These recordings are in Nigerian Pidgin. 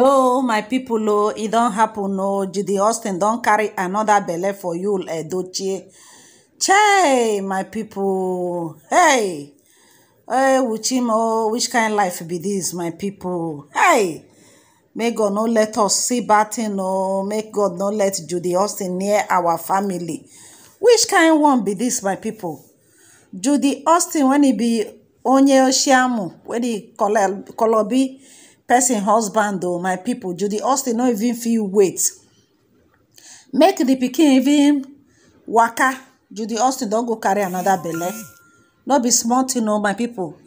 Oh my people, oh! It don't happen o oh, judy austin don't carry another belle for yul edochie chey my people. hey hey him o which kind life be this, my people? hey may god no let us see bad tin Oh, may god no let judy austin near our family which kind one be this, my people? judy austin when he be onye oshiamu call e kolobi person husband oh my people judy austin no even feel weight? make the pikin even waka judy austin don go carry another belle no be small tin o oh, my people.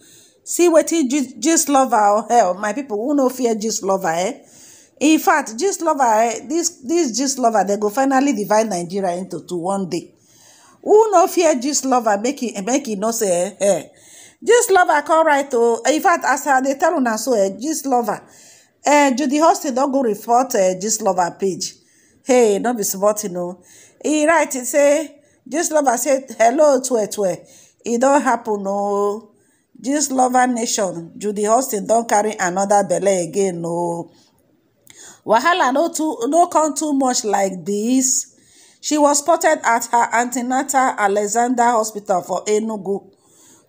see wetin just lover oh, hell my people, who no fear just lover eh in fact just lover eh this just lover They go finally divide nigeria into two one day who no fear just lover make make e no say eh, eh This lover come right to. in fact as i dey tell una so this eh, lover eh, judy Austin don't go report this eh, lover page hey don't be supporting no. Oh. He e write e say this lover said hello to it twelve It don't happen no. Oh. This lover nation judy Austin don't carry another belle again no. Oh. wahala no too no come too much like this. she was spotted at her antenatal alexander hospital for enugu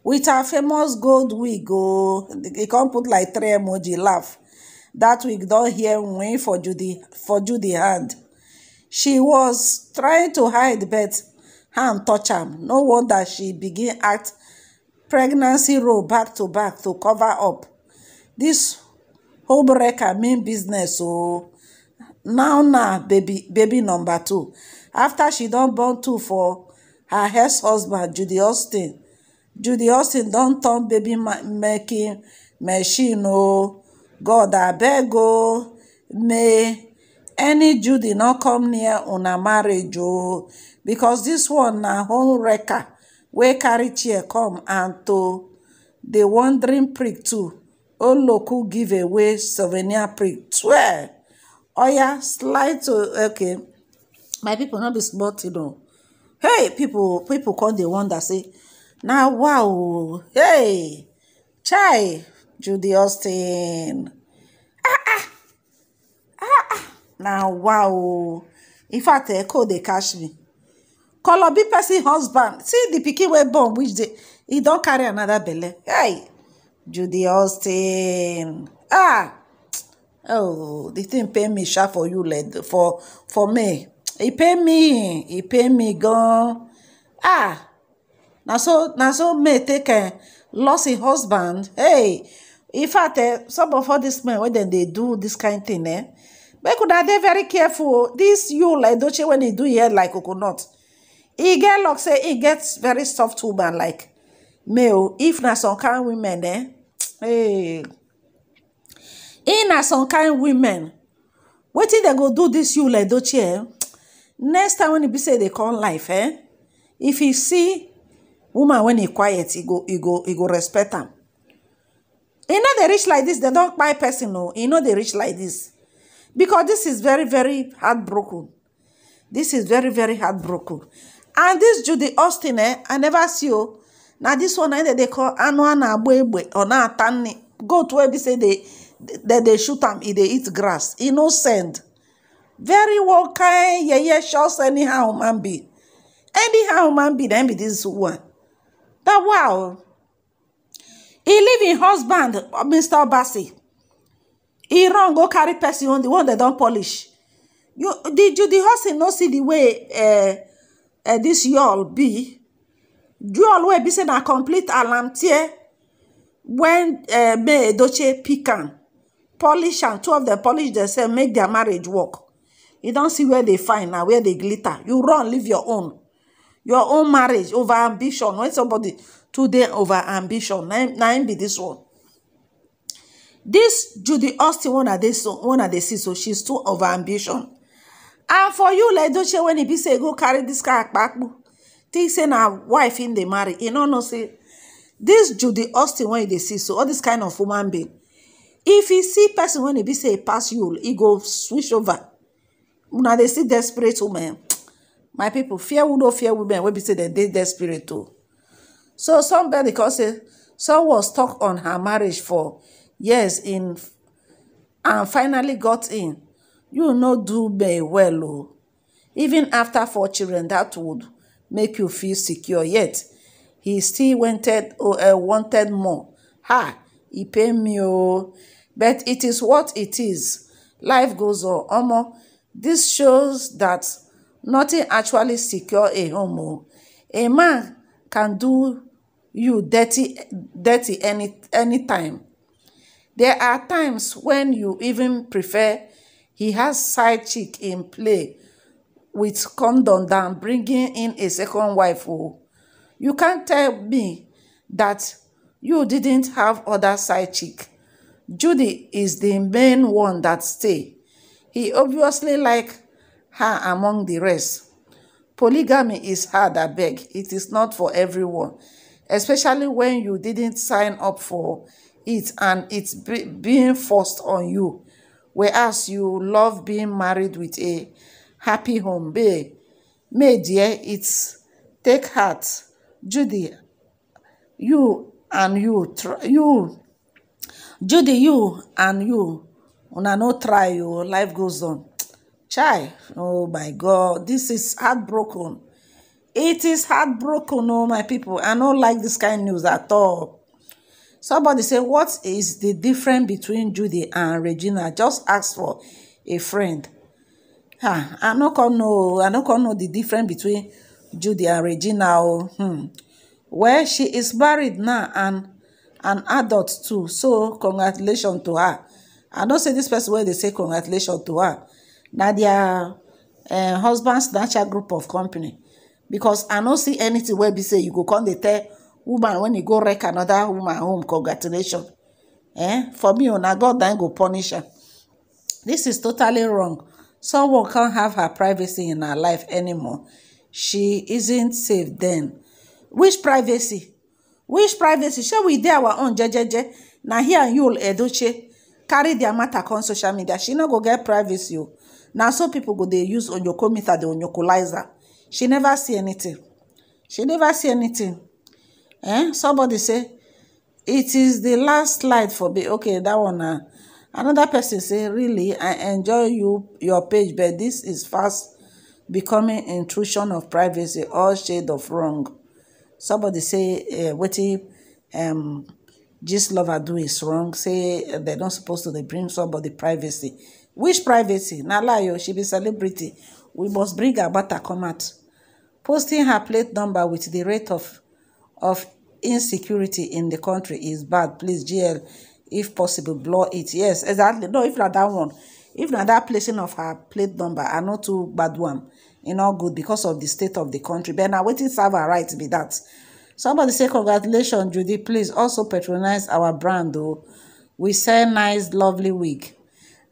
with her famous gold wig oh e can't put like three emoji laugh That wig don't hear win for judy for judy hand she was trying to hide but hand touch him. no wonder she begin act pregnancy role back to back to cover up dis homewrecker mean business oh. now now baby baby number two After she don born two for her ex husband judy austin judy austin don turn baby making machine o oh. god abeg o oh. may any judy not come near una marriage o oh. because this one na home wrecker Where carry chair come and to the wandering prick too oloku give away souvenir prick twelve oya slide to okay my people not be smart you know. hey people people come dey wonder say na wow hey chai judy austin ah ah ah ah na wow in fact echo eh, dey catch me colobi person husband see the pikin wey born which dey he don carry another belle hey judy austin ah oh the thing pain me sha for you like for for me e pain me e pain me gan ah na so na so may take lost im husband hey in fact eh, some of all these men wey dem dey do this kind thing eh make una dey very careful This you like edoche when e do here like coconut e get luck say e get very soft woman like male if na some kind women eh hey if na some kind women wetin dem go do dis yule edoche eh next time when e be say e dey come life eh if e see woman when he quiet he go he go he go respect him. e know they rich like this, they don't buy person no. e know they rich like this, because this is very very heartbroken This is very very heartbroken and this judy austin eh i never see you. Oh. Now this one na dem call anu a na-agba egbe or na-ata nne goat Where they say they, dem they shoot am e dey eat grass he no send very well kind yeye shots anyhow man be anyhow man be then be this one that wow he leave him husband mr obasi he run go carry person on the one they don't polish you the judy no see the way eh, eh, this yall be yall wey be say a complete when wen eh, may edoche pick am polish and two of them polish themselves make their marriage work you don't see where they find now where they glitter you run leave your own your own marriage over ambition when somebody today over ambition na im be this one This judy austin one one of the see so oh, she's too over ambition and for you like doche when he be say go carry this car back. think say now wife in the marry know, no say This judy austin when they see so oh, all this kind of woman being if he see person when he be say pass you he go switch over now they see desperate woman my people fear widow, no fear women wey be say did their spirit too. so somebody come say someone stuck on her marriage for years in and finally got in you know, do me well o even after four children that would make you feel secure yet he still wanted uh, wanted more ha He paid me oh. but it is what it is life goes on omo this shows that nothing actually secure a home A man can do you dirty dirty any anytime there are times when you even prefer he has side chick in play with condom than bringing in a second wife Oh, you can't tell me that you didn't have other side chick judy is the main one that stay he obviously like her among the rest. Polygamy is hard, I beg. It is not for everyone, especially when you didn't sign up for it and it's be being forced on you. Whereas you love being married with a happy home. Babe, May, dear, it's take heart. Judy, you and you, try you, Judy, you and you, una no try, your oh, life goes on. Chai, oh my God, this is heartbroken. It is heartbroken, oh my people. I don't like this kind of news at all. Somebody say, what is the difference between Judy and Regina? Just ask for a friend. Huh, I don't know. I know the difference between Judy and Regina. Oh, hmm. Well, she is married now and an adult too. So congratulations to her. I don't say this person where they say congratulations to her. Eh, that their uh, husband snatcher group of company because i no see anything where be say you go come the tell woman when you go wreck another woman home congratulations. eh for me when oh, I go, na go punish her. This is totally wrong someone can't have her privacy in her life anymore she isn't safe then which privacy which privacy Shall we dey our own jejeje Now here you'll educate, carry their matter come social media she no go get privacy o oh. Now some people go they use onyoko meter dey your her she never see anything, she never see anything, eh somebody say it is the last slide for me okay that one uh, Another person say really i enjoy you your page but this is fast becoming intrusion of privacy all shade of wrong somebody say eh, if um gist lover do is wrong say they they're not supposed to they bring somebody privacy which privacy na lie o she be celebrity we must bring agbata come out posting her plate number with the rate of of insecurity in the country is bad please gl if possible blow it yes exactly no if na that one if na that placing of her plate number i no too bad one e no good because of the state of the country but na wetin serve her right be that. somebody say congratulations judy please also patronize our brand o we sell nice lovely wig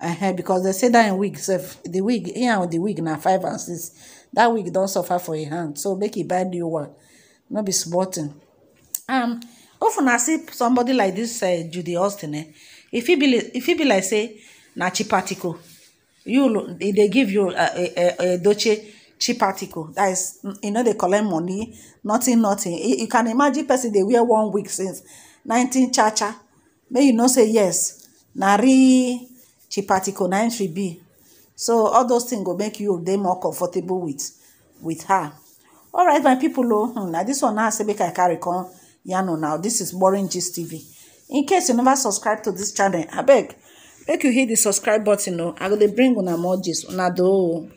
uh, because they say that in wig sef the wig yeah, and the wig na five and six dat wig don't suffer for a hand so make e buy new one not be small um often i see somebody like dis uh, judy austin eh If he be if he e be like say na cheap article you they e give you uh, edoche e, cheap article that is you know, they collect money nothing nothing you can imagine person they wear one week since 19 cha. May you not say yes nari. real cheap article na entry be so all those things go make you dey more comfortable with with her All right, my people. Oh, hmm, na dis one now say make i carry come yarn Now this is boring gist tv in case you never subscribe to this channel I beg, make you hit the subscribe button Oh, i go dey bring una more gist una do